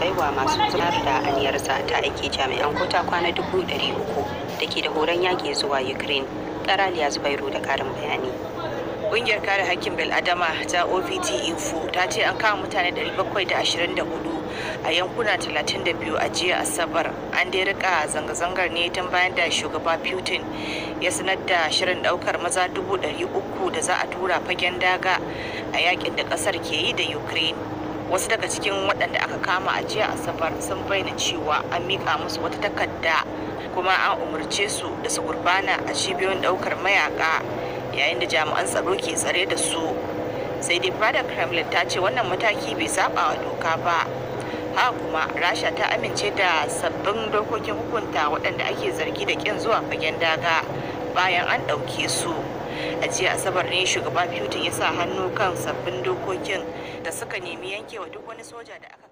baiwa masu tunar da aniyarsa ta aiki jami'an kota kwana dubu ɗari uku da ke da horon yaƙi zuwa ukraine karaliya zubairu da karin bayani ƙungiyar kare hakkin bil'adama ta ovt info ta ce an kama mutane 724 a yankuna 32 a jiya asabar an dai rika zanga-zangar ne tun bayan da shugaba putin ya sanar da shirin daukar maza 300 da za a tura fagen daga a yakin da kasar ke yi da ukraine wasu daga cikin waɗanda aka kama a jiya asabar sun bayyana cewa an miƙa musu wata takarda kuma an umarce su da su gurbana a cibiyoyin ɗaukar mayaka yayin da jami'an tsaro ke tsare da su sai dai fadar kremlin ta ce wannan mataki bai saba wa doka ba ha kuma rasha ta amince da sabbin dokokin hukunta waɗanda ake zargi da ƙin zuwa fagen daga bayan an ɗauke su a jiya asabar ne shugaba putin ya sa hannu kan sabbin dokokin da suka nemi yankewa duk wani soja da aka